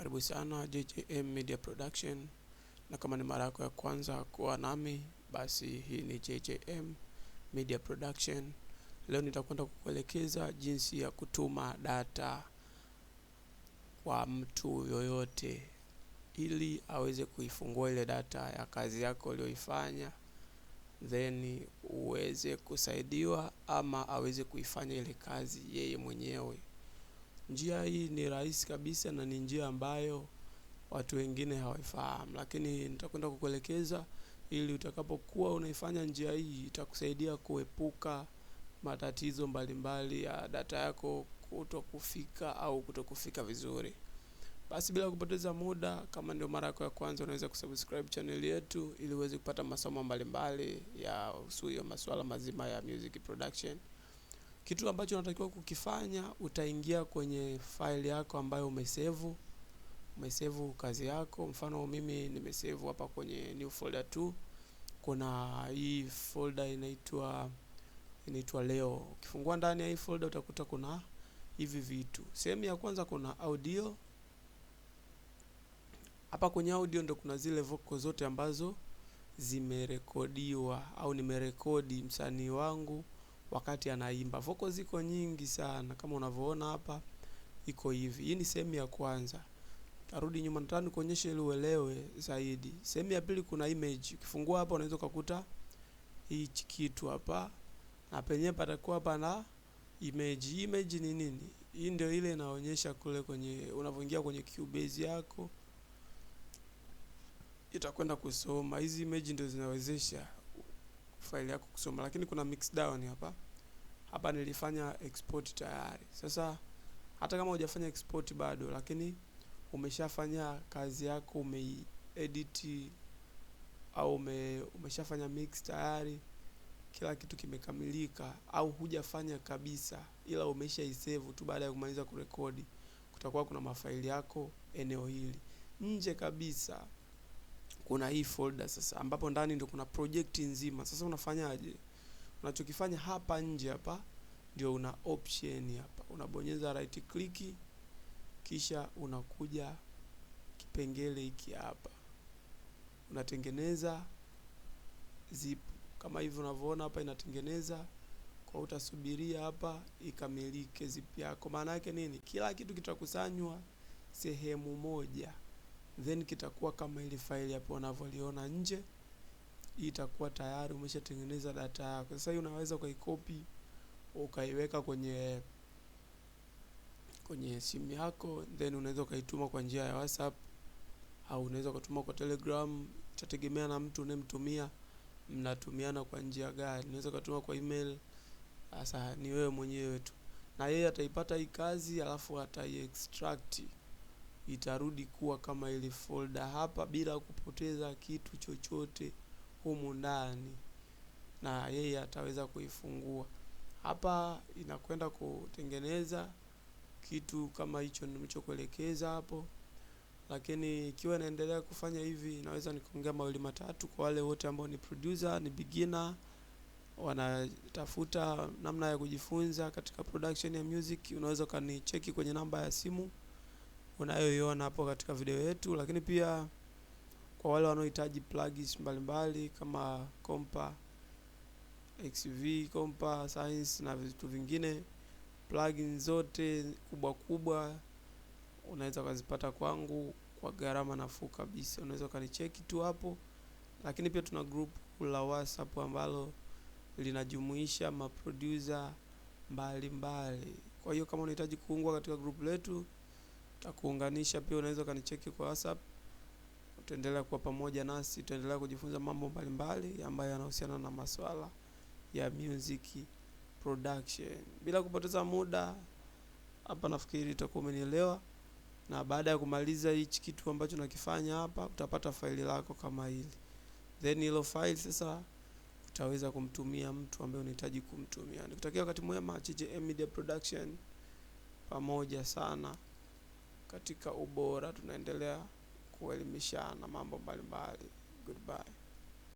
Karibu sana JJM Media Production, na kama ni mara yako ya kwanza kuwa nami, basi hii ni JJM Media Production. Leo nitakwenda kukuelekeza jinsi ya kutuma data kwa mtu yoyote, ili aweze kuifungua ile data ya kazi yako uliyoifanya, then uweze kusaidiwa ama aweze kuifanya ile kazi yeye mwenyewe. Njia hii ni rahisi kabisa na ni njia ambayo watu wengine hawaifahamu, lakini nitakwenda kukuelekeza ili utakapokuwa unaifanya njia hii itakusaidia kuepuka matatizo mbalimbali ya data yako kuto kufika au kuto kufika vizuri. Basi bila kupoteza muda, kama ndio mara yako ya kwanza, unaweza kusubscribe channel yetu ili uweze kupata masomo mbalimbali ya husuyo masuala mazima ya music production. Kitu ambacho unatakiwa kukifanya, utaingia kwenye faili yako ambayo umesevu umesevu kazi yako. Mfano mimi nimesevu hapa kwenye new folder 2 kuna hii folder inaitwa inaitwa leo. Ukifungua ndani ya hii folder utakuta kuna hivi vitu. Sehemu ya kwanza kuna audio. Hapa kwenye audio ndo kuna zile vocal zote ambazo zimerekodiwa au nimerekodi msanii wangu wakati anaimba. Vocals ziko nyingi sana kama unavyoona hapa iko hivi. Hii ni sehemu ya kwanza. Tarudi nyuma nataka nikuonyeshe ili uelewe zaidi. Sehemu ya pili kuna image. Ukifungua hapa unaweza kukuta hichi kitu hapa na penyewe patakuwa pana image. Image ni nini? Hii ndio ile inaonyesha kule kwenye unavyoingia kwenye Cubase yako itakwenda kusoma hizi image ndio zinawezesha faili yako kusoma, lakini kuna mix down hapa hapa nilifanya export tayari. Sasa hata kama hujafanya export bado, lakini umeshafanya kazi yako, umeiedit au ume, umeshafanya mix tayari, kila kitu kimekamilika, au hujafanya kabisa, ila isevu tu baada ya kumaliza kurekodi, kutakuwa kuna mafaili yako eneo hili nje kabisa una hii folder sasa, ambapo ndani ndio kuna project nzima. Sasa unafanyaje? Unachokifanya hapa nje hapa ndio una option hapa, unabonyeza right click, kisha unakuja kipengele hiki hapa, unatengeneza zip kama hivi unavyoona hapa, inatengeneza kwa, utasubiria hapa ikamilike zip yako. Maana yake nini? Kila kitu kitakusanywa sehemu moja then kitakuwa kama ile faili hapo unavyoliona nje. itakuwa tayari umeshatengeneza data yako. Sasa hii unaweza ukaikopi ukaiweka kwenye kwenye simu yako, then unaweza ukaituma kwa njia ya WhatsApp au unaweza ukatuma kwa Telegram, itategemea na mtu unayemtumia mnatumiana kwa njia gani. Unaweza ukatuma kwa email, sasa ni wewe mwenyewe tu, na yeye ataipata hii kazi, alafu ataiextract itarudi kuwa kama ile folder hapa bila kupoteza kitu chochote humu ndani, na yeye ataweza kuifungua hapa. Inakwenda kutengeneza kitu kama hicho nilichokuelekeza hapo, lakini ikiwa inaendelea kufanya hivi, naweza nikaongea mawili matatu kwa wale wote ambao ni producer, ni beginner wanatafuta namna ya kujifunza katika production ya music, unaweza ukanicheki kwenye namba ya simu unayoiona hapo katika video yetu, lakini pia kwa wale wanaohitaji plugins mbalimbali kama Compa XV, Compa Science na vitu vingine, plugins zote kubwa kubwa unaweza ukazipata kwangu kwa gharama nafuu kabisa. Unaweza ukanicheki tu hapo, lakini pia tuna group la WhatsApp ambalo linajumuisha maproducer mbalimbali. Kwa hiyo kama unahitaji kuungwa katika group letu takuunganisha pia. Unaweza ukanicheki kwa WhatsApp, tutaendelea kuwa pamoja nasi, tutaendelea kujifunza mambo mbalimbali ambayo yanahusiana na masuala ya music production. Bila kupoteza muda hapa, nafikiri utakuwa umenielewa, na baada ya kumaliza hichi kitu ambacho nakifanya hapa, utapata faili lako kama hili, then hilo faili sasa utaweza kumtumia mtu ambaye unahitaji kumtumia. Nikutakia wakati mwema, Chiche Media Production, pamoja sana katika ubora, tunaendelea kuelimishana mambo mbalimbali. Goodbye.